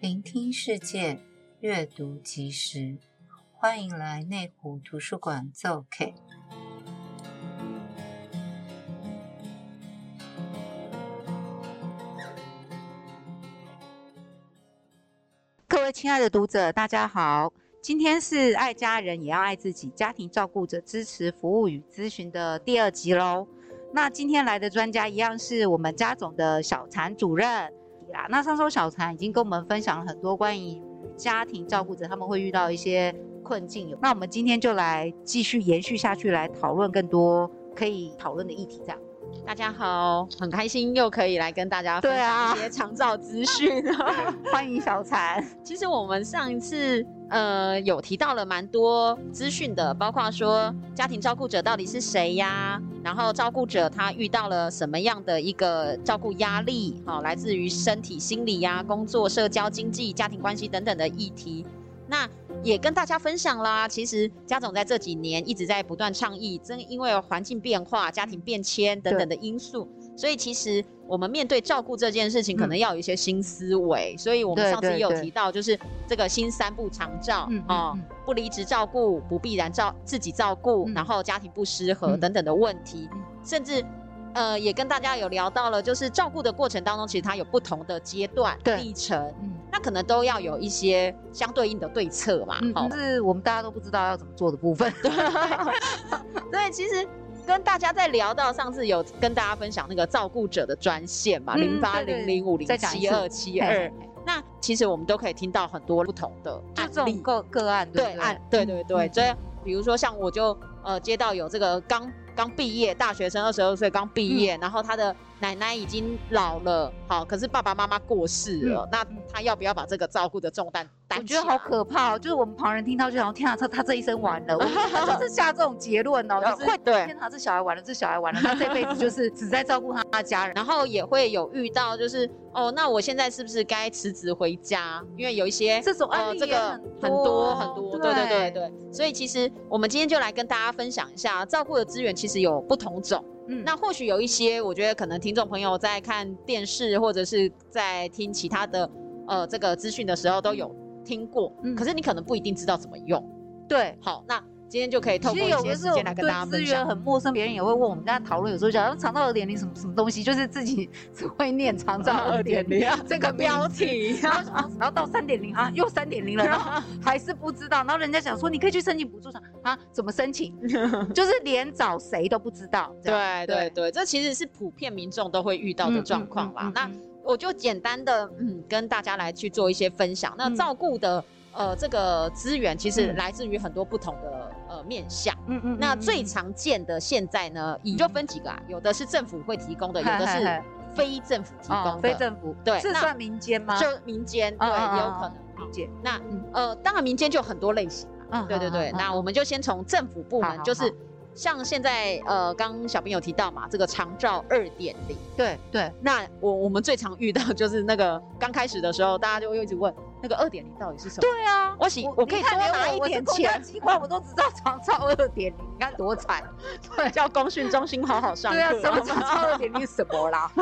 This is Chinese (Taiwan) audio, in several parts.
聆聽世界，閱讀即時，歡迎來內湖圖書館做客。各位親愛的讀者，大家好，今天是愛家人也要愛自己，家庭照顧者支持服務與諮詢的第二集嘍。那今天來的專家一樣是我們家總的筱嬋主任。那上周筱嬋已經跟我們分享了很多關於家庭照顧者他們會遇到一些困境，有，那我們今天就來繼續延續下去，來討論更多可以討論的議題這樣。大家好，很開心又可以來跟大家分享一些長照資訊對、啊， 歡迎筱嬋。其實我們上一次呃有提到了蠻多資訊的，包括說家庭照顧者到底是誰呀、啊？然後照顧者他遇到了什麼樣的一個照顧壓力啊、哦？來自於身體、心理呀、啊、工作、社交、經濟、家庭關係等等的議題。那也跟大家分享啦。其實家總在這幾年一直在不斷倡議，正因為環境變化、家庭變遷等等的因素，對所以其實我們面對照顧這件事情，可能要有一些新思維。嗯、所以我們上次也有提到，就是這個新三不長照啊、哦，不離職照顧、不必然照自己照顧，嗯、然後家庭不適合等等的問題，嗯、甚至。呃，也跟大家有聊到了，就是照顧的過程當中，其實它有不同的階段歷程，那可能都要有一些相對應的對策嘛。就是我們大家都不知道要怎麼做的部分。對，所以其實跟大家在聊到上次有跟大家分享那個照顧者的專線嘛，零八零零五零七二七二。那其實我們都可以聽到很多不同的案例個個案，對，對，對，對，對。所以比如說像我就呃接到有這個剛。剛畢業，大學生，二十二歲，剛畢業，嗯、然後他的。.奶奶已經老了，好，可是爸爸媽媽過世了，嗯、那他要不要把這個照顧的重擔擔、啊？我覺得好可怕哦，就是我們旁人聽到就好像天哪、啊，他他這一生完了，我們就是下這種結論哦， 就是對天哪、啊，這小孩完了，這小孩完了，他這輩子就是只在照顧他家人， 然後也會有遇到就是哦，那我現在是不是該辭職回家？因為有一些這種案例、呃，這個、很多很多，對很多，對對對對。所以其實我們今天就來跟大家分享一下，照顧的資源其實有不同種。嗯，那或許有一些，我覺得可能聽眾朋友在看電視或者是在聽其他的，呃，這個資訊的時候都有聽過，嗯，可是你可能不一定知道怎麼用，嗯、對，好，那。今天就可以透過一些時間來跟大家分享。資源很陌生，別人也會問我們。大家討論有時候講，長照二點零什麼什麼東西，就是自己只會念“長照二點零”這個標題，然後到三點零啊，又三點零了，然後還是不知道。然後人家想說，你可以去申請補助款啊？怎麼申請？就是連找誰都不知道。對對對，這其實是普遍民眾都會遇到的狀況吧。那我就簡單的嗯，跟大家來去做一些分享。那照顧的。呃，這個資源其實來自於很多不同的呃面向。嗯嗯。那最常見的現在呢，也就分幾個啊。有的是政府會提供的，有的是非政府提供的。非政府對。是算民間嗎？就民間對，有可能民間。那呃，當然民間就很多類型嘛。對對對。那我們就先從政府部門，就是像現在呃，剛小編有提到嘛，這個長照二點零。對對。那我我們最常遇到就是那個剛開始的時候，大家就會一直問。那個二點零到底是什麼？對啊，我喜，我可以多拿一點錢。我都只知道長照二點零，你看多慘。對，叫公訓中心好好上。對啊，什麼長照二點零是什麼啦？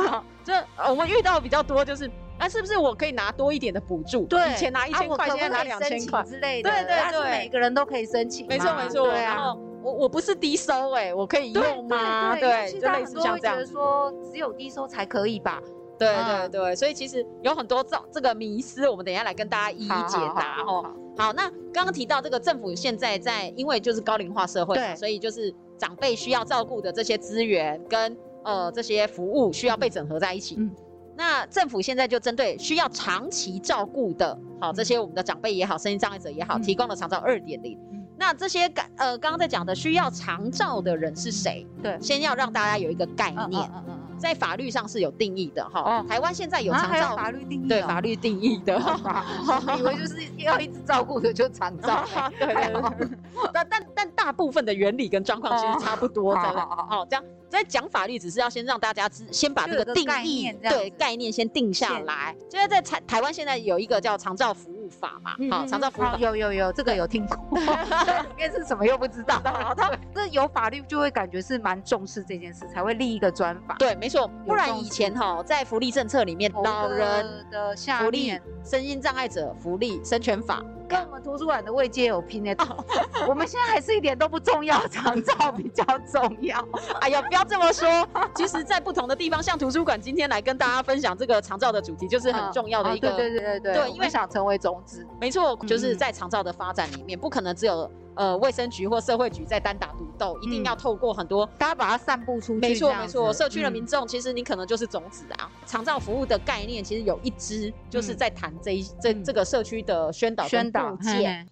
這我們遇到比較多就是，那是不是我可以拿多一點的補助？對，以前拿一千塊現在兩千塊之類的。對對對，每個人都可以申請。沒錯沒錯，然後，我我不是低收誒，我可以用嗎？對，就類似像覺得說只有低收才可以吧。對對對，啊、所以其實有很多這這個迷思，我們等一下來跟大家一一解答哦。好，那剛剛提到這個政府現在在，因為就是高齡化社會對所以就是長輩需要照顧的這些資源跟呃這些服務需要被整合在一起。嗯。嗯，那政府現在就針對需要長期照顧的好這些我們的長輩也好，身心障礙者也好，提供了長照二點零。那這些感呃剛剛在講的需要長照的人是誰？對，先要讓大家有一個概念。呃呃呃呃在法律上是有定義的哈，台灣現在有長照法律定義，對法律定義的，我以為就是要一直照顧的就長照，對對對但但大部分的原理跟狀況其實差不多的，好這樣所以講法律，只是要先讓大家知，先把這個定義對概念先定下來。現在在台台灣現在有一個叫長照服法嘛，嗯嗯好，長照服務法有有有，這個有聽過，對 裡面是什麼又不知道。 知道啊、他這有法律，就會感覺是蠻重視這件事，才會立一個專法。對，沒錯，不然以前哈，在福利政策裡面，老人的下福利、身心障礙者福利、生權法。跟我們圖書館的位置有拼的到，哦、 我們現在還是一點都不重要，長照比較重要。 哎呀，不要這麼說， 其實在不同的地方，像圖書館今天來跟大家分享這個長照的主題，就是很重要的一個。對、嗯、哦、對對對對，對，對，因為想成為種子，沒錯，就是在長照的發展裡面，不可能只有、嗯。嗯呃，衛生局或社會局在單打獨鬥，一定要透過很多，大家把它散布出去。沒錯沒錯，社區的民眾其實你可能就是種子啊。長照服務的概念其實有一支，就是在談這一這這個社區的宣導宣導。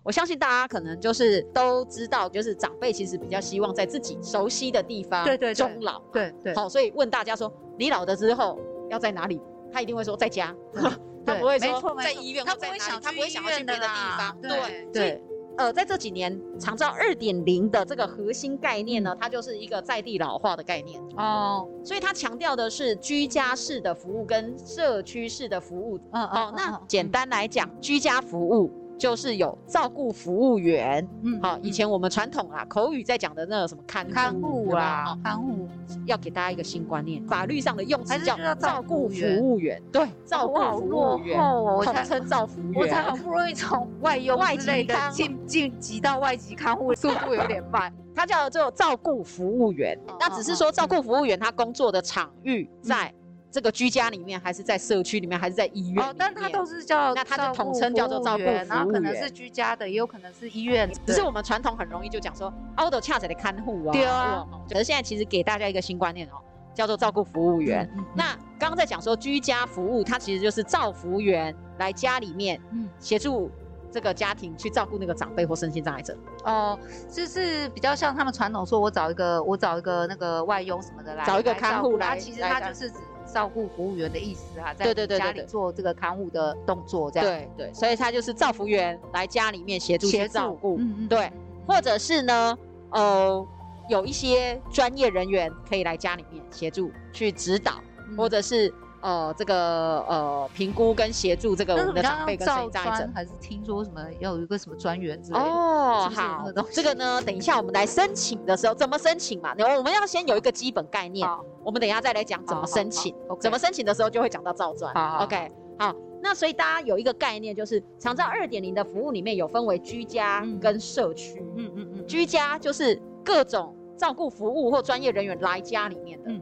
我相信大家可能就是都知道，就是長輩其實比較希望在自己熟悉的地方對對終老嘛對對。好，所以問大家說，你老了之後要在哪裡？他一定會說在家，他不會說在醫院，他不會想他不會想要去別的地方。對對。呃，在這幾年，長照二點零的這個核心概念呢，嗯、它就是一個在地老化的概念哦，所以它強調的是居家式的服務跟社區式的服務，嗯哦，哦、那簡單來講，居家服務。嗯嗯就是有照顧服務員，嗯，好，以前我們傳統啊，口語在講的那個什麼看護啊，看護，吧看護要給大家一個新觀念，法律上的用詞叫照顧服務員，對，照顧服務員哦，我才稱照服務員，我才好不容易從外用之類的進進級到外籍看護，速度有點慢， 他叫做照顧服務員，哦哦哦哦，那只是說照顧服務員他工作的場域在。這個居家裡面，還是在社區裡面，還是在醫院？哦，但他都是叫那他就統稱叫做照顧服務員，然後可能是居家的，也有可能是醫院的。嗯、對只是我們傳統很容易就講說，old c 的看護啊、哦。對啊。可、就是現在其實給大家一個新觀念哦，叫做照顧服務員。嗯嗯嗯，那剛剛在講說居家服務，他其實就是照服員來家裡面，協助這個家庭去照顧那個長輩或身心障礙者。哦、嗯嗯嗯呃，就是比較像他們傳統說，我找一個我找一個那個外傭什麼的來，找一個看護來，來，、啊、來，其實他就是指。照顧服務員的意思哈、啊，在家裡做這個看護的動作，這樣對對，對，所以他就是照服務員來家裡面協助照顧。協助 嗯嗯，對，或者是呢，呃，有一些專業人員可以來家裡面協助去指導，或者是。呃，這個呃，評估跟協助這個我們的長輩跟誰在診，還是聽說什麼要有一個什麼專員之類的。哦。好，這個呢，等一下我們來申請的時候怎麼申請嘛？我們要先有一個基本概念，好我們等一下再來講怎麼申請。怎麼申請的時候就會講到照專。好，OK，好，好，那所以大家有一個概念，就是長照二點零的服務裡面有分為居家跟社區、嗯。嗯嗯嗯，嗯居家就是各種照顧服務或專業人員來家裡面的。嗯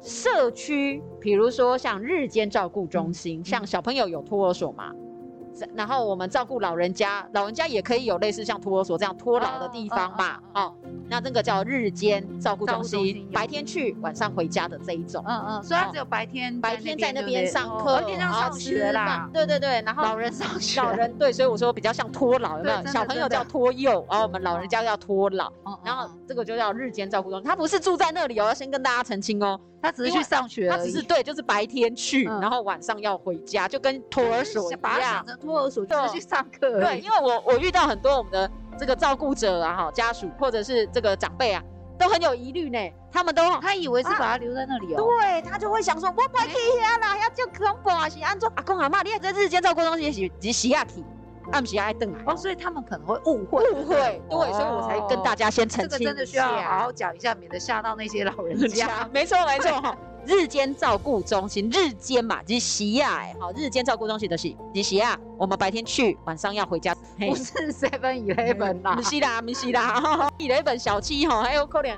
社區，比如說像日間照顧中心，像小朋友有托兒所嘛，然後我們照顧老人家，老人家也可以有類似像托兒所這樣托老的地方嘛，哦，那這個叫日間照顧中心，白天去，晚上回家的這一種，嗯嗯，所以他只有白天，白天在那邊上課，啊，學啦，對對對，然後老人上學，老人對，所以我說比較像托老，小朋友叫托幼，我們老人家叫托老，然後這個就叫日間照顧中心，他不是住在那裡哦，要先跟大家澄清哦。他只是去上學，他只是對，就是白天去，嗯、然後晚上要回家，就跟托兒所一樣。托兒所就對是去上課。對，因為我我遇到很多我們的這個照顧者啊哈，家屬或者是這個長輩啊，都很有疑慮呢。他們都他以為是把他留在那裡哦、喔啊，對他就會想說，我不會去遐啦，要就恐怖啊時。安照阿公阿媽，你也在日間照顧中心洗洗下去。安息牙癌症哦，所以他們可能會誤會，誤會，對，哦、所以我才跟大家先澄清，這個真的需要好好講一下，免得嚇到那些老人家。沒錯，沒錯，沒錯對 日間照顧中心，日間嘛，就是日時啊。哎，好，日間照顧中心的，就是日時啊，我們白天去，晚上要回家。不是 seven eleven 啦，不是啦，不是啦，eleven 小七還有可憐。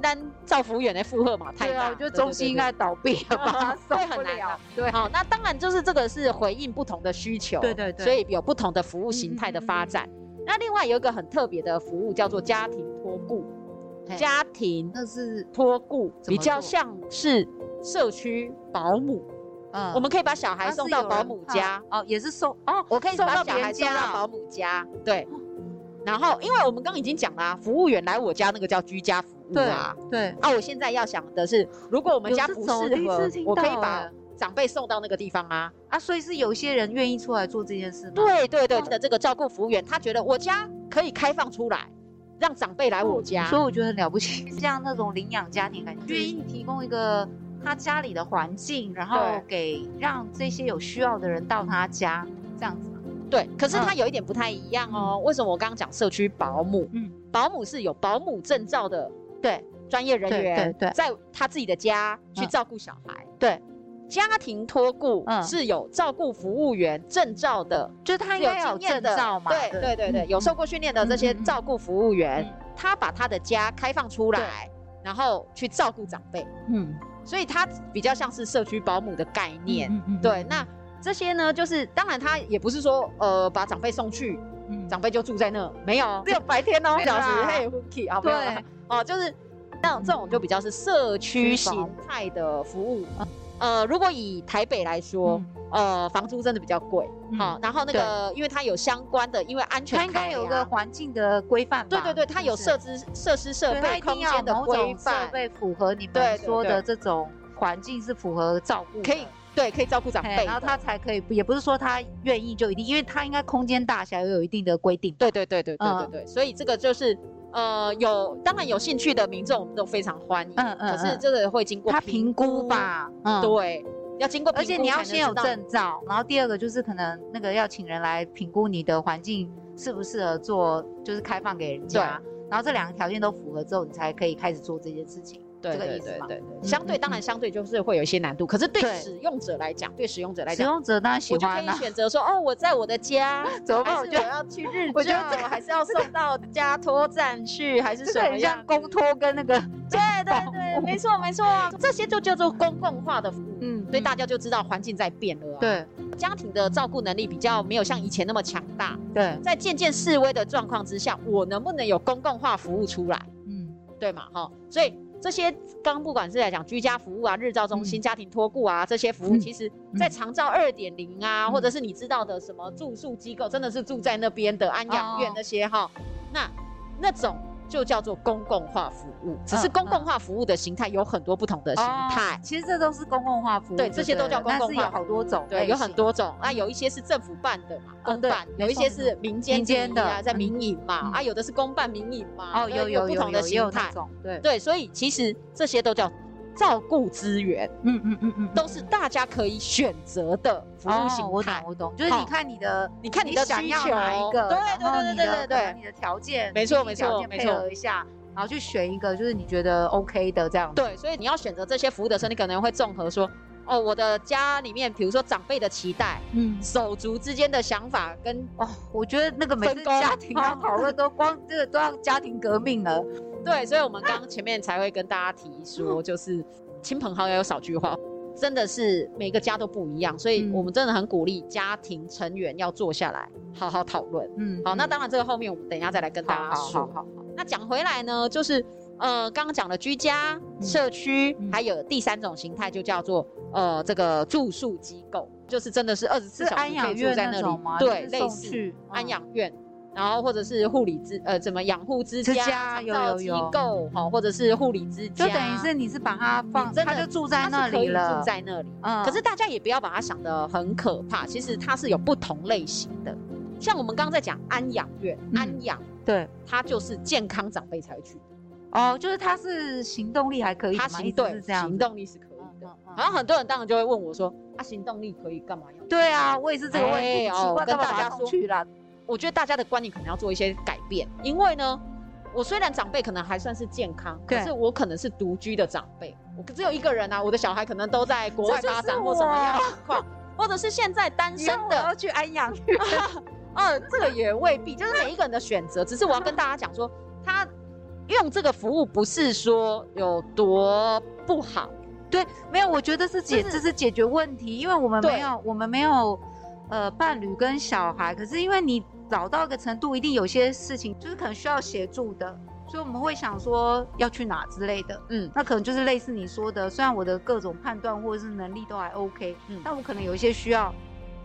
但照服務員的負荷嘛太大，我覺得中心應該倒閉了吧，會很難。對，好，那當然就是這個是回應不同的需求，對對對，所以有不同的服務型態的發展。那另外有一個很特別的服務叫做家庭托顧，家庭那是托顧，比較像是社區保姆，嗯，我們可以把小孩送到保姆家，哦也是送哦，我可以把小孩送到保姆家，對。然後，因為我們剛剛已經講了，啊，服務員來我家那個叫居家服務啊。對。啊，我現在要想的是，如果我們家不適合，我可以把長輩送到那個地方啊。啊，所以是有些人願意出來做這件事嗎？對對對。的這個照顧服務員，他覺得我家可以開放出來，讓長輩來我家。所以我覺得很了不起，像那種領養家庭，感覺願意提供一個他家裡的環境，然後給讓這些有需要的人到他家這樣子。對，可是他有一點不太一樣哦。為什麼我剛剛講社區保姆？嗯，保姆是有保姆證照的，對，專業人員，在他自己的家去照顧小孩，對，家庭托顧是有照顧服務員證照的，就是他應該有證照嘛？對對對對，有受過訓練的這些照顧服務員，他把他的家開放出來，然後去照顧長輩。嗯，所以他比較像是社區保姆的概念。對，那。這些呢，就是當然，他也不是說呃把長輩送去，長輩就住在那，沒有，只有白天哦，小時嘿，回去了，好，哦，就是那這種就比較是社區型態的服務。呃，如果以台北來說，呃，房租真的比較貴，好，然後那個，因為它有相關的，因為安全，它應該有個環境的規範。對對對，它有設施、設施設備、空間的規範，設備符合你們說的這種環境是符合照顧的，可以。對，可以照顧長輩，然後他才可以，也不是說他願意就一定，因為他應該空間大小又有一定的規定。對對對對對對對、嗯，所以這個就是，呃，有當然有興趣的民眾，我們都非常歡迎、嗯。嗯嗯。可是這個會經過他評估吧？嗯，對，要經過評估。而且你要先有證照，然後第二個就是可能那個要請人來評估你的環境適不適合做，就是開放給人家。對。然後這兩個條件都符合之後，你才可以開始做這件事情。這個意思嘛？對對對對，相對當然相對就是會有一些難度，可是對使用者來講，對使用者來講，使用者當然喜歡。我就可以選擇說哦，我在我的家，怎麼辦？我就要去日，我就得怎麼還是要送到家托站去，還是什麼樣？公托跟那個。對對對，沒錯沒錯，這些就叫做公共化的服務。嗯，所以大家就知道環境在變了。對，家庭的照顧能力比較沒有像以前那麼強大。對，在漸漸式微的狀況之下，我能不能有公共化服務出來？嗯，對嘛哈，所以。這些剛不管是在講居家服務啊、日照中心、嗯、家庭托顧啊這些服務，其實，在長照二點零啊，嗯、或者是你知道的什麼住宿機構，嗯、真的是住在那邊的、嗯、安養院那些哈、哦，那那種。就叫做公共化服務，只是公共化服務的形態有很多不同的形態，嗯嗯哦。其實這都是公共化服務，對，這些都叫公共化。化。是有好多種，對險有很多種。嗯、那有一些是政府辦的嘛，公辦；嗯嗯、有一些是民間的啊，民間的嗯、在民營嘛。嗯、啊，有的是公辦民營嘛，哦、嗯，有有有有有有，有有有有不同的形態，對對，所以其實這些都叫。照顧資源，嗯嗯嗯嗯，都是大家可以選擇的服務型態。我懂，我懂，就是你看你的，你看你的需求哪一個，對對對對對對，你的條件，沒錯沒錯，配合一下，然後去選一個，就是你覺得 OK 的這樣。對，所以你要選擇這些服務的時候，你可能會綜合說，哦，我的家裡面，比如說長輩的期待，嗯，手足之間的想法，跟哦，我覺得那個每個家庭討論都光這個都要家庭革命了。對，所以，我們剛前面才會跟大家提說，就是親朋好友有少聚話，嗯、真的是每個家都不一樣，所以我們真的很鼓勵家庭成員要坐下來好好討論。嗯，嗯好，那當然這個後面我們等一下再來跟大家說。好好，好，好，好，那講回來呢，就是呃，剛剛講了居家、嗯、社區，嗯、還有第三種形態就叫做呃這個住宿機構，就是真的是二十四小時可以住在那裡那嗎？對，類似安養院。嗯嗯然後或者是護理之呃怎麼養護之家有機構哈，或者是護理之家，就等於是你是把它放，它就住在那裡了，住在那裡。嗯。可是大家也不要把它想得很可怕，其實它是有不同類型的，像我們剛剛在講安養院，安養，對，它就是健康長輩才去的。哦，就是它是行動力還可以，對，行動力是可以的。然後很多人當然就會問我說，啊，行動力可以幹嘛用？對啊，我也是這個問題哦，跟大家說去了。我覺得大家的觀念可能要做一些改變，因為呢，我雖然長輩可能還算是健康，對可是我可能是獨居的長輩，我只有一個人啊，我的小孩可能都在國外發展或什麼狀況，是或者是現在單身的，我要去安養。嗯、啊啊啊，這個也未必，就是每一個人的選擇。只是我要跟大家講說，他用這個服務不是說有多不好，對，沒有，我覺得是解這是,這是解決問題，因為我們沒有對我們沒有呃伴侶跟小孩，可是因為你。找到一個程度，一定有些事情就是可能需要協助的，所以我們會想說要去哪之類的。嗯，那可能就是類似你說的，雖然我的各種判斷或者是能力都還 OK，嗯，但我可能有一些需要，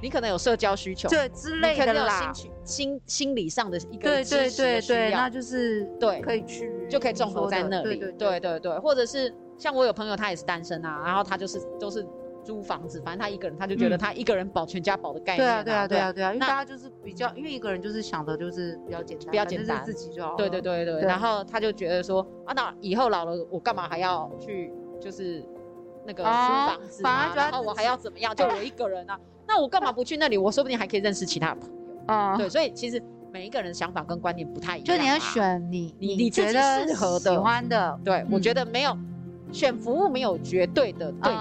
你可能有社交需求，對之類的啦。你可能有心情，心，心理上的一個即時的需要，對對對。需那就是對，可以去對就可以重合在那裡。對對對，對，對，對對對，或者是像我有朋友，他也是單身啊，然後他就是都、就是。租房子，反正他一個人，他就覺得他一個人保全家保的概念、啊嗯。對啊，對啊，對啊，因為大家就是比較，嗯、因為一個人就是想的，就是比較簡單，比較簡單，自己就好。對對對對。對，然後他就覺得說，啊，那以後老了，我幹嘛還要去，就是那個租房子啊？哦、反我還要怎麼樣？就我一個人啊？哎、呀那我幹嘛不去那裡？我說不定還可以認識其他朋友。啊、嗯，對，所以其實每一個人的想法跟觀念不太一樣、啊。就你要選你，你你覺得你自己適合的、喜歡的。嗯、對，我覺得沒有。選服務沒有絕對的對錯，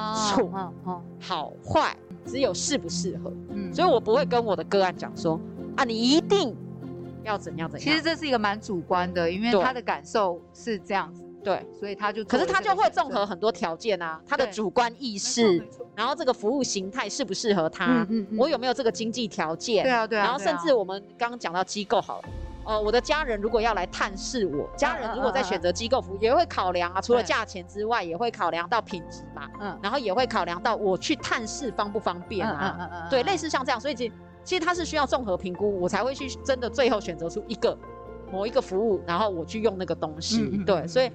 好壞、oh, oh, oh, oh. 只有適不適合，嗯、所以我不會跟我的個案講說，啊，你一定要怎樣怎樣。其實這是一個蠻主觀的，因為他的感受是這樣子，對，對所以他就可是他就會綜合很多條件啊，他的主觀意識，然後這個服務形態適不適合他，嗯嗯嗯、我有沒有這個經濟條件對，啊，對啊對啊，然後甚至我們剛剛講到機構好了。了哦、呃，我的家人如果要來探視我，家人如果在選擇機構服務，啊啊啊啊也會考量啊，除了價錢之外，對也會考量到品質嘛，嗯、啊，然後也會考量到我去探視方不方便啊，嗯嗯對，類似像這樣，所以其實其實它是需要綜合評估，我才會去真的最後選擇出一個某一個服務，然後我去用那個東西，嗯嗯嗯對，所以，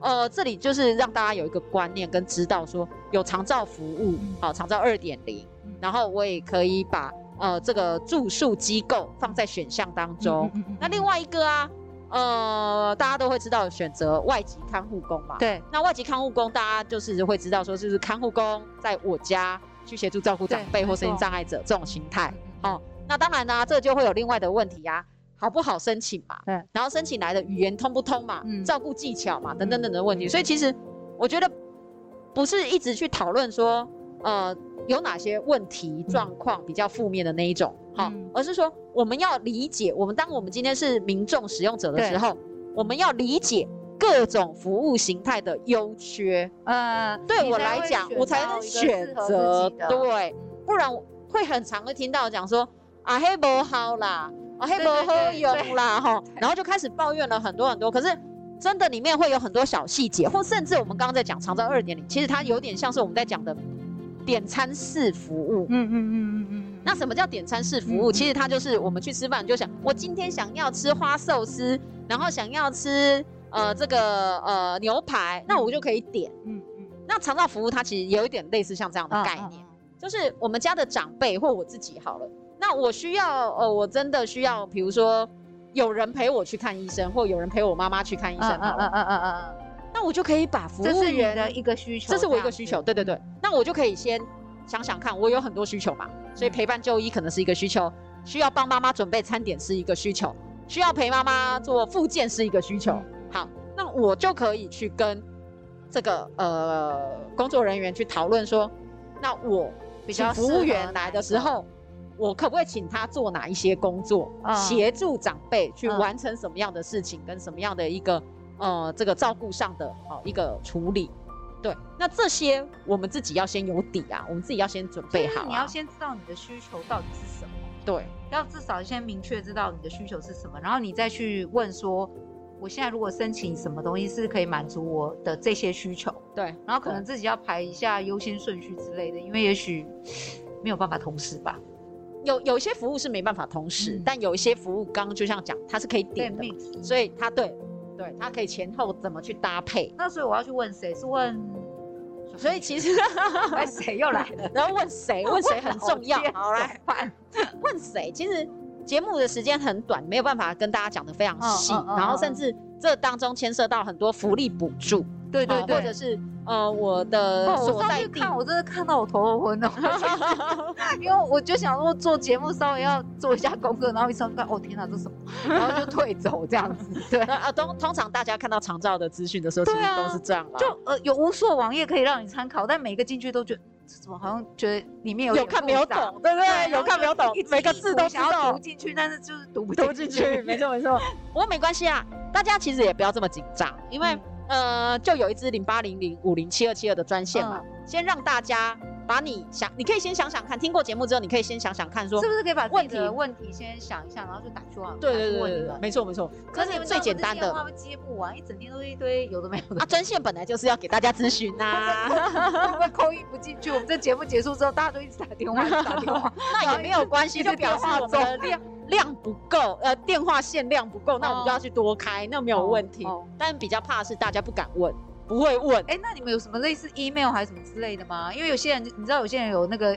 呃，這裡就是讓大家有一個觀念跟知道說有長照服務，好、嗯啊，長照二點零，然後我也可以把。呃，這個住宿機構放在選項當中。嗯嗯、那另外一個啊，呃，大家都會知道選擇外籍看護工嘛。對。那外籍看護工，大家就是會知道說，就是看護工在我家去協助照顧長輩或身心障礙者這種形態。哦對、嗯嗯。那當然啦、啊，這就會有另外的問題呀、啊，好不好申請嘛？對然後申請來的語言通不通嘛？嗯、照顧技巧嘛？等等等等的問題。嗯嗯、所以其實我覺得不是一直去討論說。呃，有哪些問題狀況比較負面的那一種？好、嗯哦，而是說我們要理解，我們當我們今天是民眾使用者的時候，對我們要理解各種服務形態的優缺。嗯、呃，對我來講，我才能選擇對，不然會很常會聽到講說啊黑不好啦，啊黑不好用啦，哈，然後就開始抱怨了很多很多。可是真的裡面會有很多小細節，或甚至我們剛剛在講長照2.0，其實它有點像是我們在講的。點餐式服務，嗯嗯嗯嗯嗯。那什麼叫點餐式服務？ 其實它就是我們去吃飯，就想我今天想要吃花壽司，然後想要吃呃這個呃牛排，那我就可以點。嗯嗯。那長照服務，它其實有一點類似像這樣的概念，啊啊就是我們家的長輩或我自己好了，那我需要呃我真的需要，比如說有人陪我去看醫生，或有人陪我媽媽去看醫生好了。嗯嗯嗯嗯嗯。那我就可以把服務員的一個需求，這是我一個需求，對對對。那我就可以先想想看，我有很多需求嘛，所以陪伴就醫可能是一個需求，需要幫媽媽準備餐點是一個需求，需要陪媽媽做復健是一個需求。好，那我就可以去跟這個呃工作人員去討論說，那我請服務員來的時候，我可不可以請他做哪一些工作，協助長輩去完成什麼樣的事情，跟什麼樣的一個。呃，這個照顧上的哦一個處理，對，那這些我們自己要先有底啊，我們自己要先準備好。你要先知道你的需求到底是什麼，對，要至少先明確知道你的需求是什麼，然後你再去問說，我現在如果申請什麼東西是可以滿足我的這些需求？對，然後可能自己要排一下優先順序之類的，對因為也許沒有辦法同時吧。有有一些服務是沒辦法同時，嗯、但有一些服務剛剛就像講，它是可以點的，對所以它對。嗯對，它可以前後怎麼去搭配？那所以我要去問誰？是問，所以其實 哎，誰又來了？ 然後問誰？ 問誰很重要？好來， 問誰？其實節目的時間很短，沒有辦法跟大家講得非常細。嗯嗯嗯、然後甚至這當中牽涉到很多福利補助，對對對，或者是。呃，我的在、哦，我在看，我我真的看到我頭都昏了， 因為我就想說做節目稍微要做一下功課，然後一上去看，哦天哪、啊，這什麼？然後就退走這樣子，對啊、 呃，通通常大家看到長照的資訊的時候，啊、其實都是這樣啦，就呃有無數網頁可以讓你參考，但每個進去都覺得這怎麼好像覺得裡面有不有看沒有懂，對不對，對？對，有看沒有懂，每個字都想要讀進去，但是就是讀不讀進去，沒錯沒錯， 不過沒關係啊，大家其實也不要這麼緊張，因為嗯呃，就有一支零八零零五零七二七二的專線嘛，先讓大家把你想，你可以先想想看，聽過節目之後，你可以先想想看，說是不是可以把問題問題先想一下，然後就打出來。對對對對，沒錯沒錯。可是最簡單的，接不完，一整天都是一堆有的沒有的。啊，專線本來就是要給大家諮詢吶。會不會 call in 不進去？我們這節目結束之後，大家都一直打電話一直打電話，那也沒有關係，就表示我們量不夠，呃，電話線量不夠，那我們就要去多開，哦、那沒有問題。哦哦、但比較怕的是大家不敢問，不會問。哎、欸，那你們有什麼類似 email 還是什麼之類的嗎？因為有些人，你知道，有些人有那個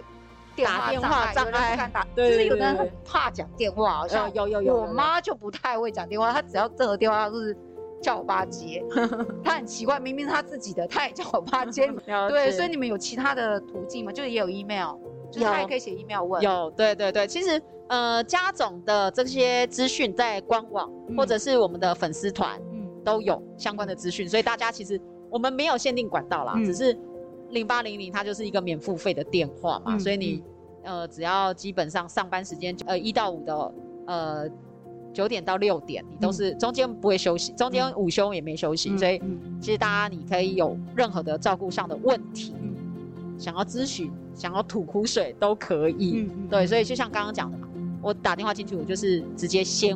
電話打電話障礙，就是有的人很怕講電話，好像有有有。我媽就不太會講電、呃、電話，她只要任何電話都是叫我爸接， 她很奇怪，明明是她自己的，她也叫我爸接。 了解。對，所以你們有其他的途徑嗎？就是也有 email。就是他也可以寫 email 問有。有，對對對，其實，呃，家總的這些資訊在官網或者是我們的粉絲團，都有相關的資訊，所以大家其實我們沒有限定管道啦，嗯、只是零八零零它就是一個免付費的電話嘛，嗯嗯嗯、所以你，呃，只要基本上上班時間，呃，一到五的，呃，九點到六點，你都是、嗯、中間不會休息，中間午休也沒休息，嗯、所以其實大家你可以有任何的照顧上的問題，嗯嗯、想要諮詢。想要吐苦水都可以，嗯嗯、對，所以就像剛剛講的嘛，我打電話進去，我就是直接先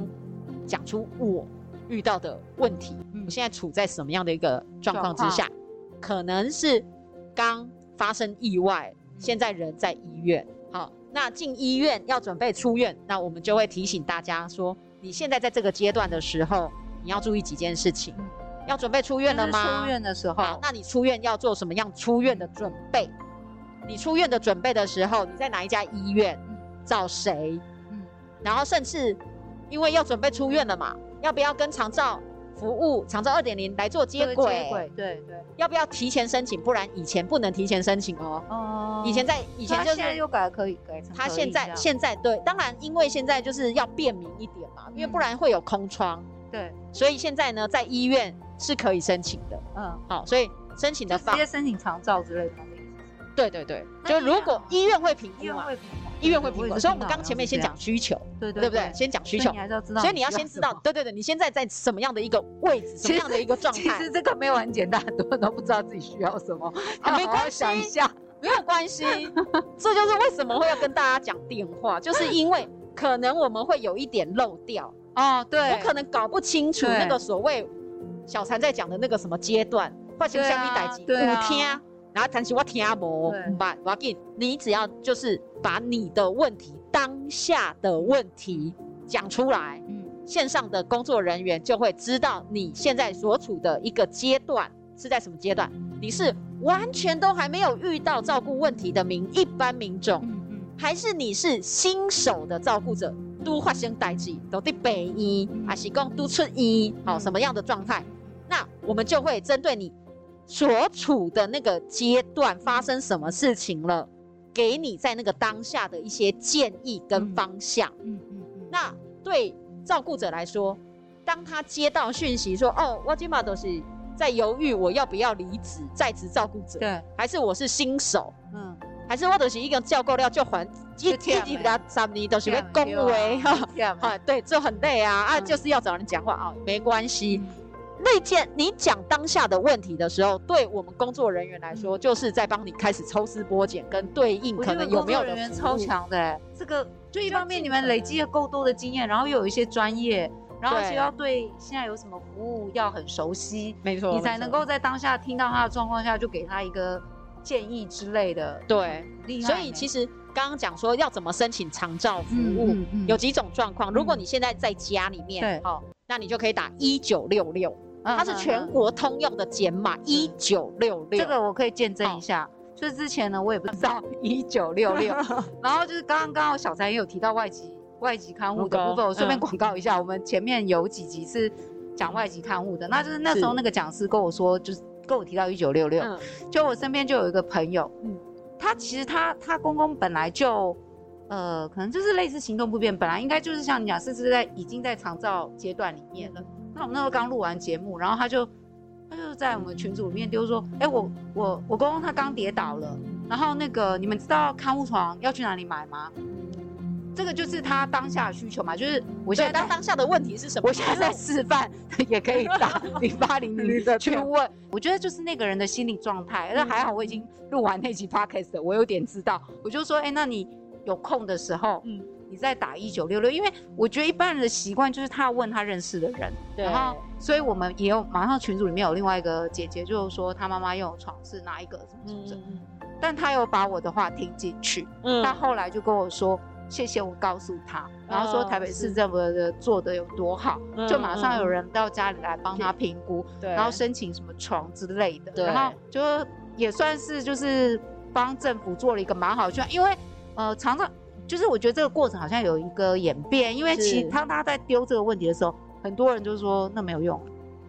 講出我遇到的問題，我現在處在什麼樣的一個狀況之下？可能是剛發生意外，現在人在醫院。好，那進醫院要準備出院，那我們就會提醒大家說，你現在在這個階段的時候，你要注意幾件事情，要準備出院了嗎？出院的時候，那你出院要做什麼樣出院的準備？你出院的準備的時候，你在哪一家醫院？找誰？嗯，然後甚至，因為要準備出院了嘛，要不要跟長照服務、長照二點零來做接軌？對對。要不要提前申請？不然以前不能提前申請喔。哦。哦。以前在以前就是又改了，可以改。他現在他現在，現在對，當然因為現在就是要便民一點嘛，嗯，因為不然會有空窗。對。所以現在呢，在醫院是可以申請的。嗯。好，所以申請的方直接申請長照之類的。對對對，就如果醫院會評估，醫院會評估，醫院會評估。所以，我們剛前面先講需求，對對不對？先講需求。所以你要先知道，對對對，你現在在什麼樣的一個位置，什麼樣的一個狀態？其實這個沒有很簡單，很多人都不知道自己需要什麼，要好好想一下。沒關係。沒有關係，這就是為什麼會要跟大家講電話，就是因為可能我們會有一點漏掉。哦，對，我可能搞不清楚那個所謂筱嬋在講的那個什麼階段，或是香蜜待機五天。然後但是我聽不懂沒關係，你只要就是把你的問題，當下的問題講出來，嗯，線上的工作人員就會知道你現在所處的一個階段是在什麼階段，你是完全都還沒有遇到照顧問題的民一般民眾，還是你是新手的照顧者，都發生代際都第北醫還是剛出院，好什麼樣的狀態，那我們就會針對你。所處的那個階段，發生什麼事情了，給你在那個當下的一些建議跟方向嗯。嗯嗯。嗯嗯，那對照顧者來說，當他接到訊息說，“哦，我今嘛都是在猶豫我要不要離職在職照顧者，對，還是我是新手，嗯，還是我都是已經照一個照顧了，就還一自己給他啥咪都是會恭維哈，對，就很累啊，嗯，啊，就是要找人講話啊，哦，沒關係。嗯那件你講當下的問題的時候，對我們工作人員來說，嗯、就是在幫你開始抽絲剝繭跟對應，可能有沒有的服務。我覺得工作人員超強的、欸，這個就一方面你們累積了夠多的經驗，然後又有一些專業，然後而且要對現在有什麼服務要很熟悉，沒錯對，你才能夠在當下聽到他的狀況下就給他一個建議之類的。對，嗯欸、所以其實剛剛講說要怎麼申請長照服務，嗯嗯嗯有幾種狀況。如果你現在在家裡面，哦、嗯嗯，那你就可以打一九六六。它是全國通用的簡碼，一九六六。這個我可以見證一下。哦、就是之前呢，我也不知道一九六六。嗯、然後就是剛剛剛好筱嬋也有提到外籍外籍看護的部分，我順便廣告一下。我們前面有幾集是講外籍看護的，那就是那時候那個講師跟我說，就是跟我提到一九六六。嗯、就我身邊就有一個朋友，嗯，他其實他他公公本來就，呃，可能就是類似行動不便，本來應該就是像你講，是不是在已經在長照階段裡面了。那我們那時候剛錄完節目，然後他就，他就在我們群組裡面丟說，哎、欸，我我我公公他剛跌倒了，然後那個你們知道看護床要去哪裡買嗎？這個就是他當下的需求嘛，就是我現在他對當下的問題是什麼？我現在在示範也可以打零八零零的去問， 對 我覺得就是那個人的心理狀態，那還好我已經錄完那集 Podcast 了，我有點知道，我就說，哎、欸，那你有空的時候，嗯。你在打一九六六，因為我覺得一般人的習慣就是他要問他認識的人，對，然後所以我們也有馬上群組裡面有另外一個姐姐，就是說她媽媽用床是哪一個什麼什麼，是不是嗯、但她有把我的話聽進去，嗯，她後來就跟我說謝謝我告訴她，然後說台北市政府的做的有多好，哦、就馬上有人到家裡來幫他評估，嗯嗯、然後申請什麼床之類的，對然後就也算是就是幫政府做了一個蠻好的，就因為呃常常。就是我覺得這個過程好像有一個演變，因為其實當他在丟這個問題的時候，是很多人就是說那沒有用，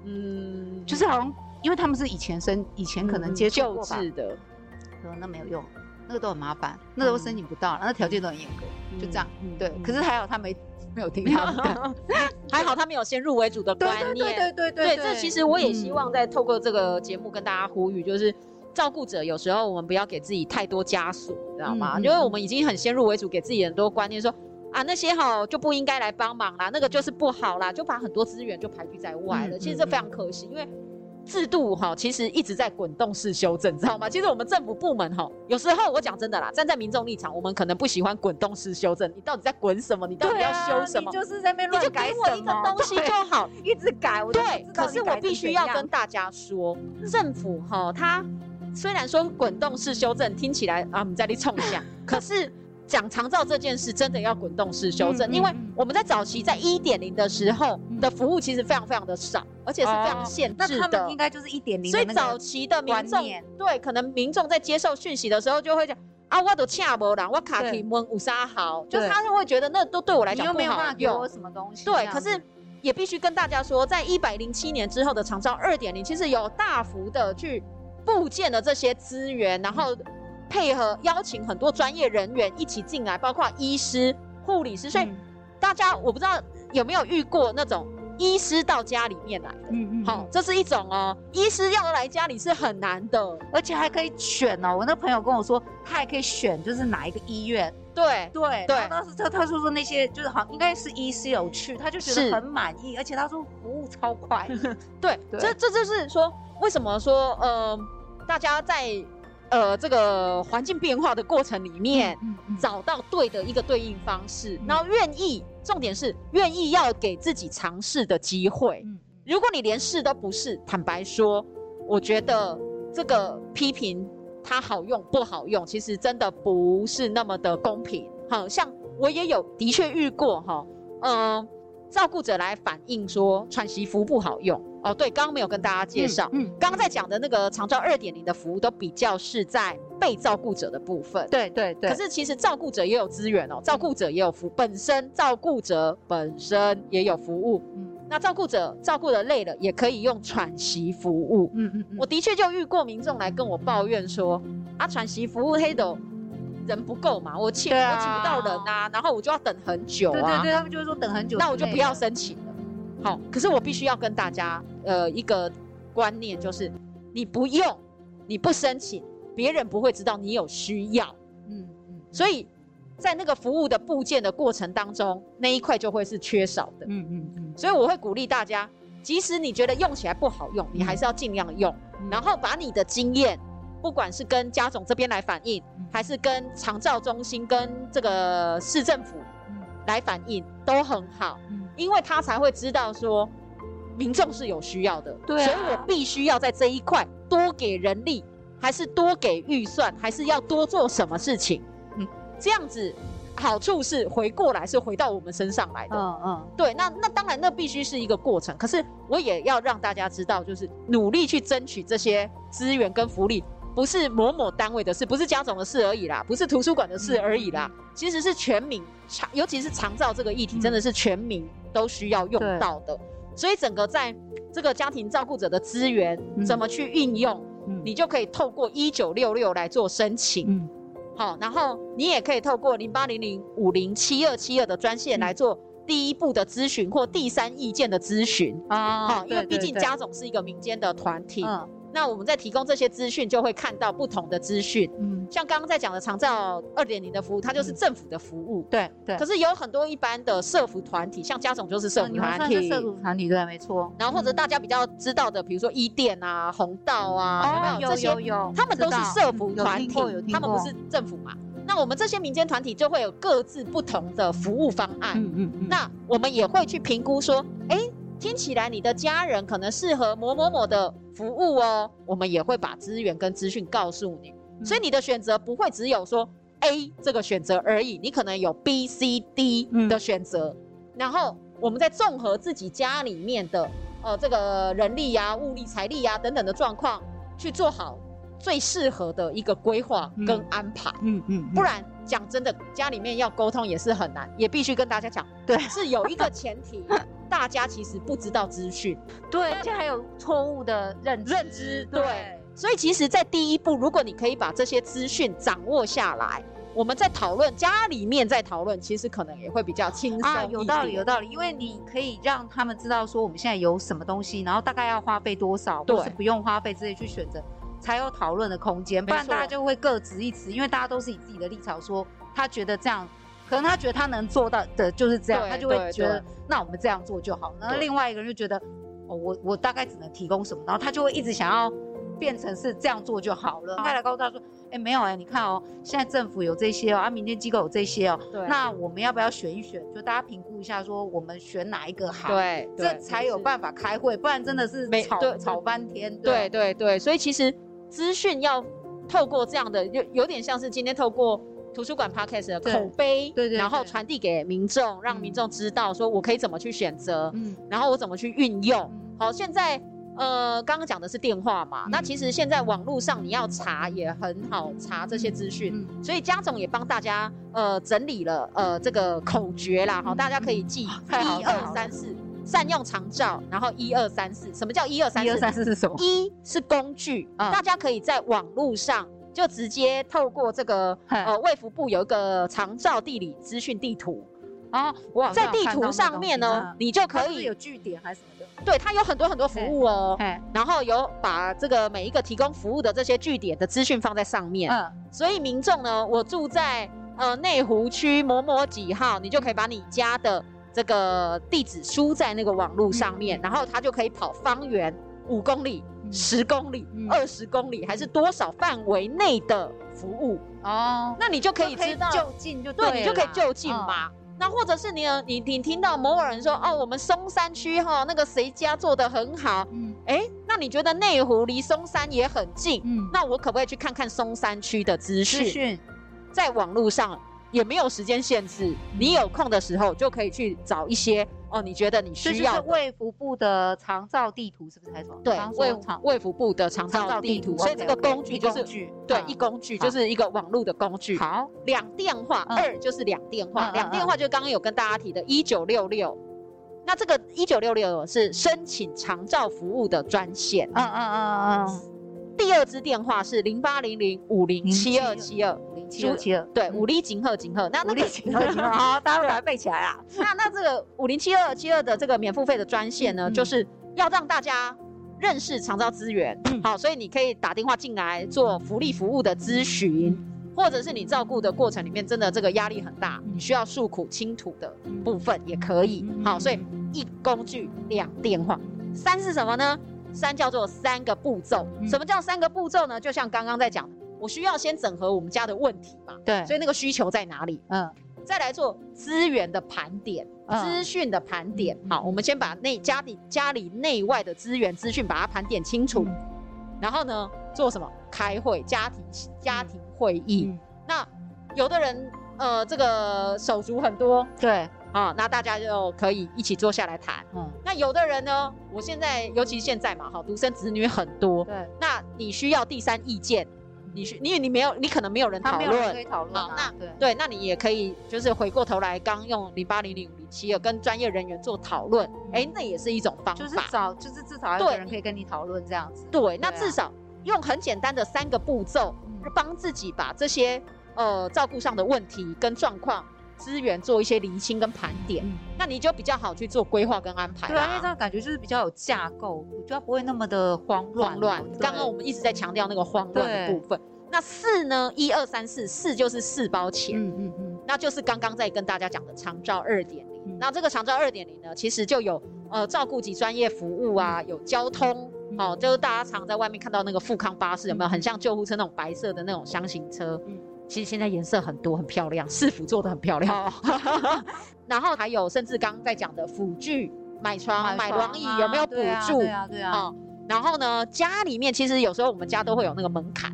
嗯，就是好像因為他們是以前生，以前可能接觸過吧，說、嗯、那沒有用，那個都很麻煩，那個，都申請不到，嗯，然後那條件都很嚴格，嗯，就這樣，對。嗯，可是還好他沒沒有聽到，還好他沒有先入為主的觀念，對對對對，對對對對對。對，這其實我也希望在透過這個節目跟大家呼籲，就是。嗯照顧者有時候我們不要給自己太多枷鎖，你知道嗎？因為、嗯嗯、我們已經很先入為主，給自己很多觀念說，說啊那些哈就不應該來幫忙啦，那個就是不好啦，就把很多資源就排拒在外了。嗯嗯嗯，其實這非常可惜，因為制度哈其實一直在滾動式修正，知道嗎？其實我們政府部門哈有時候我講真的啦，站在民眾立場，我們可能不喜歡滾動式修正。你到底在滾什麼？你到底要修什麼？啊、你就是在那邊亂改給我一個東西對就好，就好，一直改，我對，可是我必須要跟大家說，政府哈它，他雖然說滾動式修正聽起來啊，我們在這裡衝一下， 可是講長照這件事真的要滾動式修正，嗯嗯、因為我們在早期在一點零的時候、嗯、的服務其實非常非常的少，而且是非常限制的。那、哦、他們應該就是一點零，所以早期的民眾對可能民眾在接受訊息的時候就會講啊，我都恰不啦，我卡提蒙，五沙豪，對就是他就會覺得那都對我來講你又沒有辦法給我什麼東西。對，可是也必須跟大家說，在一百零七年之後的長照二點零，其實有大幅的去。構件的這些資源，然後配合邀請很多專業人員一起進來，包括醫師、護理師。所以大家我不知道有沒有遇過那種醫師到家裡面來。嗯嗯，嗯嗯。好，這是一種哦，醫師要來家裡是很難的，而且還可以選哦。我那朋友跟我說，他還可以選，就是哪一個醫院。對對對。當時對他他說說那些就是好像應該是醫師有去，他就覺得很滿意，是而且他說服務超快。 對，對這這就是說為什麼說呃。大家在呃這個環境變化的過程裡面，找到對的一個對應方式，然後願意，重點是願意要給自己嘗試的機會。如果你連試都不試，坦白說，我覺得這個批評它好用不好用，其實真的不是那麼的公平。好像我也有的確遇過哈，嗯、呃，照顧者來反映說，喘息服不好用。哦，對，剛剛沒有跟大家介紹，嗯，嗯剛剛在講的那個長照二點零的服務，都比較是在被照顧者的部分，對對對。對對可是其實照顧者也有資源哦，照顧者也有服務，嗯、本身照顧者本身也有服務，嗯。那照顧者照顧得累了，也可以用喘息服務，嗯嗯嗯。嗯我的確就遇過民眾來跟我抱怨說，啊，喘息服務黑的人不夠嘛，我請、啊、我請不到人啊，然後我就要等很久啊，對對對，他們就會說等很久，那我就不要申請。好，嗯、可是我必須要跟大家，呃，一個觀念就是，你不用，你不申請，別人不會知道你有需要，嗯嗯，嗯所以在那個服務的部件的過程當中，那一塊就會是缺少的，嗯嗯嗯。嗯嗯所以我會鼓勵大家，即使你覺得用起來不好用，嗯、你還是要盡量用，嗯、然後把你的經驗，不管是跟家總這邊來反映，嗯、還是跟長照中心跟這個市政府來反映，嗯、都很好。因為他才會知道說，民眾是有需要的，啊、所以我必須要在這一塊多給人力，還是多給預算，還是要多做什麼事情？嗯，這樣子好處是回過來是回到我們身上來的。嗯嗯，嗯對，那那當然那必須是一個過程，可是我也要讓大家知道，就是努力去爭取這些資源跟福利，不是某某單位的事，不是家總的事而已啦，不是圖書館的事而已啦，嗯、其實是全民，尤其是長照這個議題，嗯、真的是全民。都需要用到的，對 所以整個在這個家庭照顧者的資源怎麼去運用，嗯、你就可以透過一九六六來做申請。嗯、好，然後你也可以透過零八零零五零七二七二的專線來做第一步的諮詢或第三意見的諮詢啊。好，因為畢竟家總是一個民間的團體。嗯嗯那我們在提供這些資訊，就會看到不同的資訊。嗯，像剛剛在講的“長照二點零”的服務，它就是政府的服務。對對。可是有很多一般的社服團體，像家總就是社服團體，社服團體對，沒錯。然後或者大家比較知道的，比如說伊甸啊、弘道啊，有這些，他們都是社服團體，他們不是政府嘛？那我們這些民間團體就會有各自不同的服務方案。嗯嗯嗯。那我們也會去評估說，哎。聽起來你的家人可能適合某某某的服務哦，我們也會把資源跟資訊告訴你，所以你的選擇不會只有說 A 這個選擇而已，你可能有 B、C、D 的選擇，然後我們再綜合自己家裡面的呃這個人力呀、啊、物力、財力呀、啊、等等的狀況去做好。最適合的一個規劃跟安排，嗯嗯，不然講真的，家裡面要溝通也是很難，嗯嗯嗯、也必須跟大家講，對， 是有一個前提， 大家其實不知道資訊，對，而且還有錯誤的認知，認知，對，對，所以其實，在第一步，如果你可以把這些資訊掌握下來，我們在討論，家裡面在討論，其實可能也會比較輕鬆一點、啊、有道理，有道理，因為你可以讓他們知道說我們現在有什麼東西，然後大概要花費多少，對或是不用花費自己去選擇。嗯才有討論的空間，不然大家就會各執一詞，錯因為大家都是以自己的立場說，他覺得這樣，可能他覺得他能做到的就是這樣，他就會覺得那我們這樣做就好。那另外一個人就覺得，哦、喔，我我大概只能提供什麼，然後他就會一直想要變成是這樣做就好了。他來告訴他說，哎、欸，沒有哎、欸，你看哦、喔，現在政府有這些哦、喔，啊，民間機構有這些哦、喔，對，那我們要不要選一選？就大家評估一下，說我們選哪一個好？對，這才有辦法開會，是不然真的是吵吵半天。對對對，所以其實。資訊要透過這樣的，有有點像是今天透過圖書館 podcast 的口碑，對對對對，然後傳遞給民眾，嗯、讓民眾知道說我可以怎麼去選擇，嗯，然後我怎麼去運用。好，現在呃剛剛講的是電話嘛，嗯、那其實現在網絡上你要查也很好查這些資訊，嗯嗯，所以家總也幫大家呃整理了呃這個口訣啦，好，大家可以記一二三四。善用長照，然後一二三四，什麼叫一二三四？一二三四是什麼？一是工具，嗯、大家可以在網絡上就直接透過這個嘿呃，衛福部有一個長照地理資訊地圖啊，哦、在地圖上面呢，那你就可以？它有據點還是什麼的？對，它有很多很多服務哦。嘿然後有把這個每一個提供服務的這些據點的資訊放在上面。嗯、所以民眾呢，我住在呃內湖區某某幾號，你就可以把你家的。那個地址輸在那個網絡上面，然後它就可以跑方圓五公里、十公里、二十公里，還是多少範圍內的服務哦。那你就可以知道就近，就對你就可以就近嘛。那或者是你你你聽到某個人說哦，我們松山區哈那個誰家做得很好，哎，那你覺得內湖離松山也很近，嗯，那我可不可以去看看松山區的資訊？資訊在網絡上。也沒有時間限制，你有空的時候就可以去找一些哦，你覺得你需要。就是衛福部的長照地圖是不是沒錯？對，衛福部的長照地圖。所以這個工具就是對一工具，就是一個網絡的工具。好，兩電話二就是兩電話，兩電話就剛剛有跟大家提的1966，那這個1966是申請長照服務的專線。嗯嗯嗯嗯。第二支電話是零八零零五零七二七二五零七二，對，五零錦鶴錦鶴，五零七二七二，那那個、嗯、五零七二七二，好大家背起來啊！ 那那這個五零七二七二的這個免付費的專線呢，嗯嗯、就是要讓大家認識長照資源，嗯、好，所以你可以打電話進來做福利服務的諮詢，嗯、或者是你照顧的過程裡面真的這個壓力很大，嗯、你需要訴苦傾吐的部分也可以。嗯嗯好，所以一工具兩電話，三是什麼呢？三叫做三個步驟，什麼叫三個步驟呢？嗯、就像剛剛在講，我需要先整合我們家的問題嘛。對，所以那個需求在哪裡？嗯，再來做資源的盤點，資訊、嗯、的盤點。好，我們先把內家裡家裡內外的資源資訊把它盤點清楚，然後呢，做什麼？開會，家庭家庭會議。嗯、那有的人呃，這個手足很多。嗯、對。啊，那大家就可以一起坐下來談。嗯，那有的人呢，我現在，尤其現在嘛，好，獨生子女很多。對，那你需要第三意見，你因你沒有，你可能沒有人討論，可以討論。那對，那你也可以，就是回過頭來，剛用零八零零五零七二跟專業人員做討論。誒，那也是一種方法，就是找，就是至少有人可以跟你討論這樣子。對，那至少用很簡單的三個步驟，幫自己把這些呃照顧上的問題跟狀況，資源做一些釐清跟盤點，那你就比較好去做規劃跟安排。對，因為這樣感覺就是比較有架構，我覺得不會那麼的慌亂。剛剛我們一直在強調那個慌亂的部分。那四呢？一二三四，四就是四包錢。嗯嗯嗯。那就是剛剛在跟大家講的長照二點零。那這個長照二點零呢，其實就有呃照顧及專業服務啊，有交通，哦，就是大家常在外面看到那個富康巴士，有沒有很像救護車那種白色的那種箱型車？其實現在顏色很多，很漂亮。市府做得很漂亮。然後還有，甚至剛剛在講的輔具，買床、買輪椅有沒有補助？對啊，對啊，對啊，哦，然後呢，家裡面其實有時候我們家都會有那個門檻，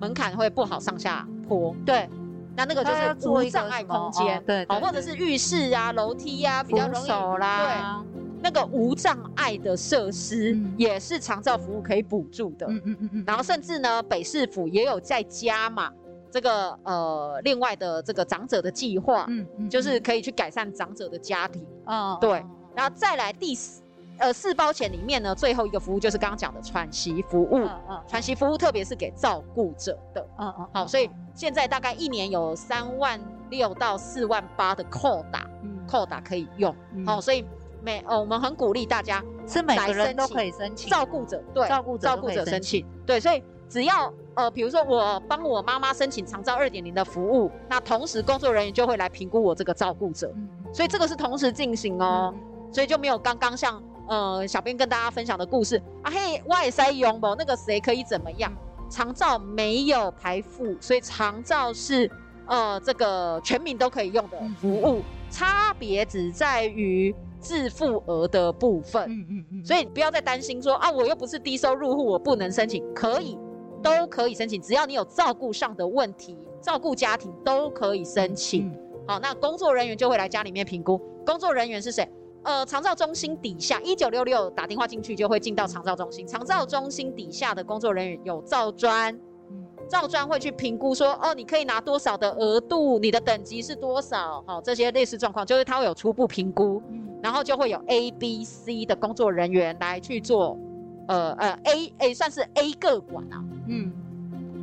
門檻會不好上下坡。對，那那個就是無障礙空間，對。或者是浴室啊、樓梯啊比較容易走啦。對，那個無障礙的設施也是長照服務可以補助的。嗯嗯嗯嗯。然後甚至呢，北市府也有在加碼。這個呃，另外的這個長者的計劃，嗯嗯，嗯嗯，就是可以去改善長者的家庭，啊、嗯，嗯、對，然後再來第四，呃，四包錢裡面呢，最後一個服務就是剛剛講的喘息服務，嗯嗯，喘、嗯、息服務特別是給照顧者的，嗯嗯，好、嗯哦，所以現在大概一年有三萬六到四萬八的扣打、嗯，扣打可以用，好、嗯哦，所以每、哦、我們很鼓勵大家來申請，是每個人都可以申請，照顧者對，照顧者，照顧者申請，對，所以。只要呃，比如說我幫我媽媽申請長照二點零的服務，那同時工作人員就會來評估我這個照顧者，所以這個是同時進行哦，所以就沒有剛剛像呃，小編跟大家分享的故事啊，嘿，外塞用不？那個誰可以怎麼樣？長照沒有排富，所以長照是呃，這個全民都可以用的服務，差別只在於自付額的部分。嗯嗯嗯，所以不要再擔心說啊，我又不是低收入戶，我不能申請，可以。都可以申請，只要你有照顧上的問題，照顧家庭都可以申請。好、嗯哦，那工作人員就會來家裡面評估。工作人員是誰？呃，長照中心底下，一九六六打電話進去就會進到長照中心。長照中心底下的工作人員有照專，嗯、照專會去評估說，哦，你可以拿多少的額度，你的等級是多少？好、哦，這些類似狀況，就是他會有初步評估，嗯、然後就會有 A、B、C 的工作人員來去做。呃呃，A 算是 A 個管啊，嗯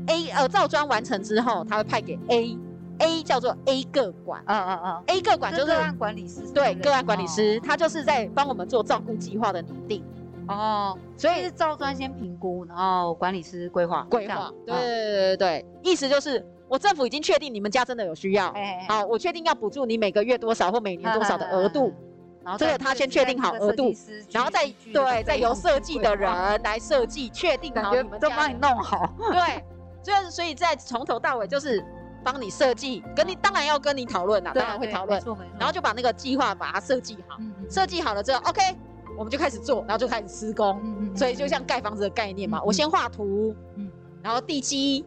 ，A 呃，照專完成之後，他會派給 A，A 叫做 A 個管，嗯嗯嗯，A 個管就是個案管理師，對，個案管理師，他就是在幫我們做照顧計劃的擬定。哦，所以是照專先評估，然後管理師規劃，規劃，對對對，意思就是我政府已經確定你們家真的有需要，誒，好，我確定要補助你每個月多少或每年多少的額度。然後，這個他先確定好額度，然後再對，再由設計的人來設計確定，然後你們都幫你弄好。對，就所以，在從頭到尾就是幫你設計，跟你當然要跟你討論了，當然會討論。然後就把那個計劃把它設計好，設計好了之後，OK，我們就開始做，然後就開始施工。所以就像蓋房子的概念嘛，我先畫圖，然後地基，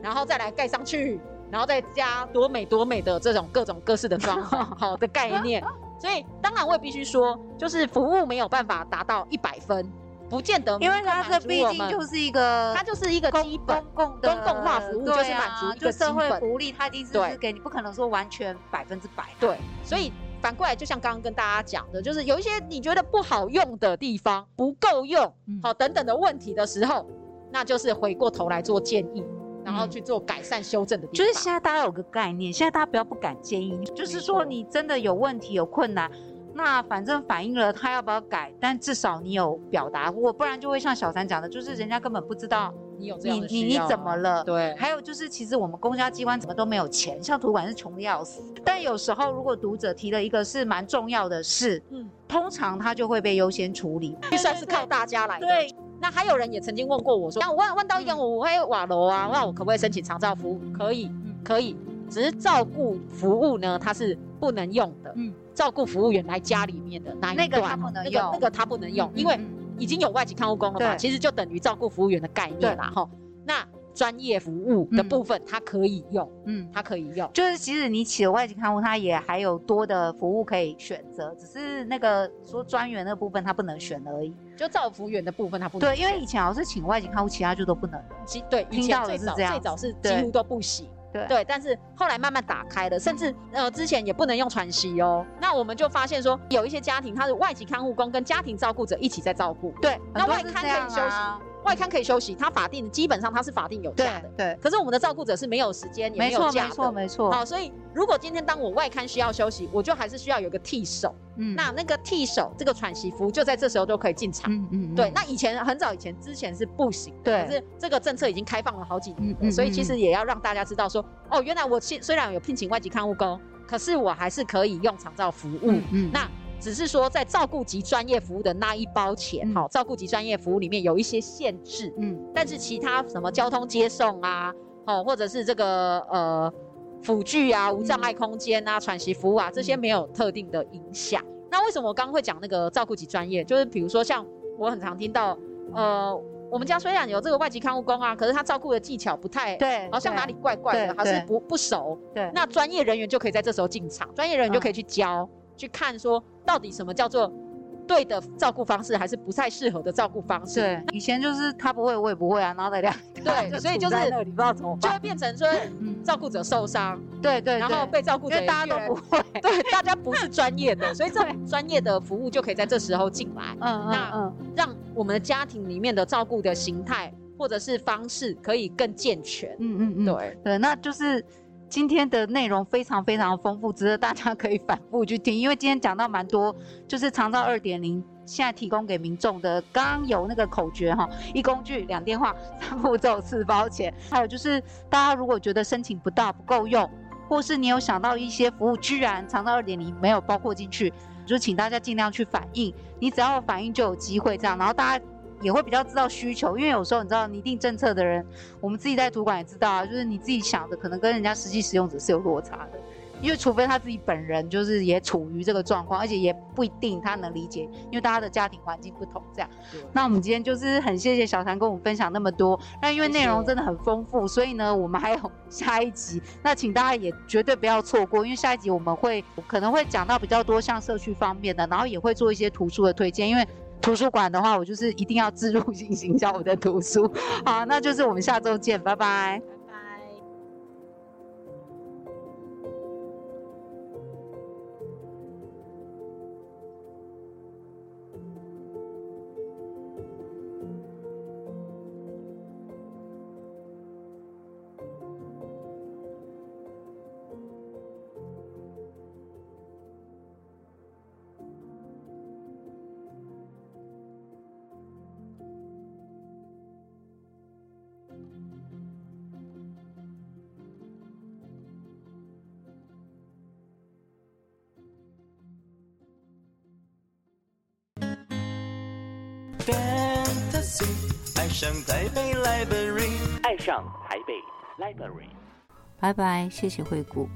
然後再來蓋上去，然後再加多美多美的這種各種各式的裝好的概念。所以，當然我也必須說，嗯、就是服務沒有辦法達到一百分，不見得，因為它是畢竟就是一個，它就是一個基本公公共的公共化服務就、啊，就是滿足一個社會福利，它一定是給你不可能說完全百分之百。對，嗯、所以反過來，就像剛剛跟大家講的，就是有一些你覺得不好用的地方、不夠用、嗯、好等等的問題的時候，那就是回過頭來做建議。然後去做改善修正的，嗯、就是現在大家有個概念，現在大家不要不敢建議，就是說你真的有問題有困難，那反正反映了他要不要改，但至少你有表達過，不然就會像小三講的，就是人家根本不知道你、嗯、你有這樣、啊、你你你怎麼了。對。還有就是，其實我們公家機關怎麼都沒有錢，像圖書館是窮的要死。嗯、但有時候如果讀者提了一個是蠻重要的事，嗯，通常他就會被優先處理。預算是靠大家來的。對。對還有人也曾經問過我說，嗯、我問問到一點，我我會外勞啊，嗯、那我可不可以申請長照服務？可以，嗯、可以。只是照顧服務呢，它是不能用的，嗯、照顧服務員來家裡面的、啊、那一段、那個，那個他不能用，那個他不能用，因為已經有外籍看護工了嘛，對其實就等於照顧服務員的概念啦，哈對，那。專業服務的部分，它可以用，嗯，它可以用，嗯、它可以用，就是即使你請外籍看護，它也還有多的服務可以選擇，只是那個說專員那部分它不能選而已。就照服務員的部分，它不能選。對，因為以前我是請外籍看護，其他就都不能。其對，聽到了是這樣。最早，最早是幾乎都不行。對，對，但是後來慢慢打開了，甚至對呃，之前也不能用喘息哦。那我們就發現說，有一些家庭，他的外籍看護工跟家庭照顧者一起在照顧，對，啊、那外看可以休息。外刊可以休息，它法定基本上它是法定有假的，對。對可是我們的照顧者是沒有時間也沒有假沒錯沒錯,沒錯好，所以如果今天當我外看需要休息，我就還是需要有個替手。嗯，那那個替手這個喘息服務就在這時候都可以進場。嗯嗯。嗯嗯對，那以前很早以前之前是不行的，對可是這個政策已經開放了好幾年了，嗯嗯嗯、所以其實也要讓大家知道說，哦，原來我雖雖然有聘請外籍看護工，可是我還是可以用長照服務。嗯。嗯那。只是說在照顧及專業服務的那一包錢，嗯、照顧及專業服務裡面有一些限制，嗯，但是其他什麼交通接送啊，或者是這個呃輔具啊、無障礙空間啊、嗯、喘息服務啊，這些沒有特定的影響。嗯、那為什麼我剛剛會講那個照顧及專業？就是比如說像我很常聽到，呃，我們家雖然有這個外籍看護工啊，可是他照顧的技巧不太對，好像哪裡怪怪的，還是不對不熟。對，那專業人員就可以在這時候進場，專業人員就可以去教、嗯、去看，說。到底什麼叫做對的照顧方式，還是不太適合的照顧方式？對，以前就是他不會，我也不會啊，然後那兩個，對，所以就是你不知道怎麼辦，就會變成說照顧者受傷，對對，然後被照顧者大家都不會，對，大家不是專業的，所以這種專業的服務就可以在這時候進來，嗯嗯嗯，讓我們的家庭裡面的照顧的形態或者是方式可以更健全，嗯嗯嗯，對對，那就是。今天的內容非常非常豐富，值得大家可以反覆去聽。因為今天講到蠻多，就是長照二點零現在提供給民眾的，剛有那個口訣哈，一工具、兩電話、三步驟、四包錢。還有就是大家如果覺得申請不到、不夠用，或是你有想到一些服務居然長照二點零沒有包括進去，就請大家盡量去反映，你只要反映就有機會這樣。然後大家。也會比較知道需求，因為有時候你知道，你擬定政策的人，我們自己在圖書館也知道啊，就是你自己想的可能跟人家實際使用者是有落差的，因為除非他自己本人就是也處於這個狀況，而且也不一定他能理解，因為大家的家庭環境不同這樣。對那我們今天就是很謝謝筱嬋跟我們分享那麼多，那因為內容真的很豐富，謝謝。所以呢，我們還有下一集，那請大家也絕對不要錯過，因為下一集我們會我們可能會講到比較多像社區方面的，然後也會做一些圖書的推薦，因為。圖書館的話，我就是一定要自助進行一下我的圖書。好，那就是我們下周見，拜拜。台北愛上台北 library，拜拜，謝謝惠顧。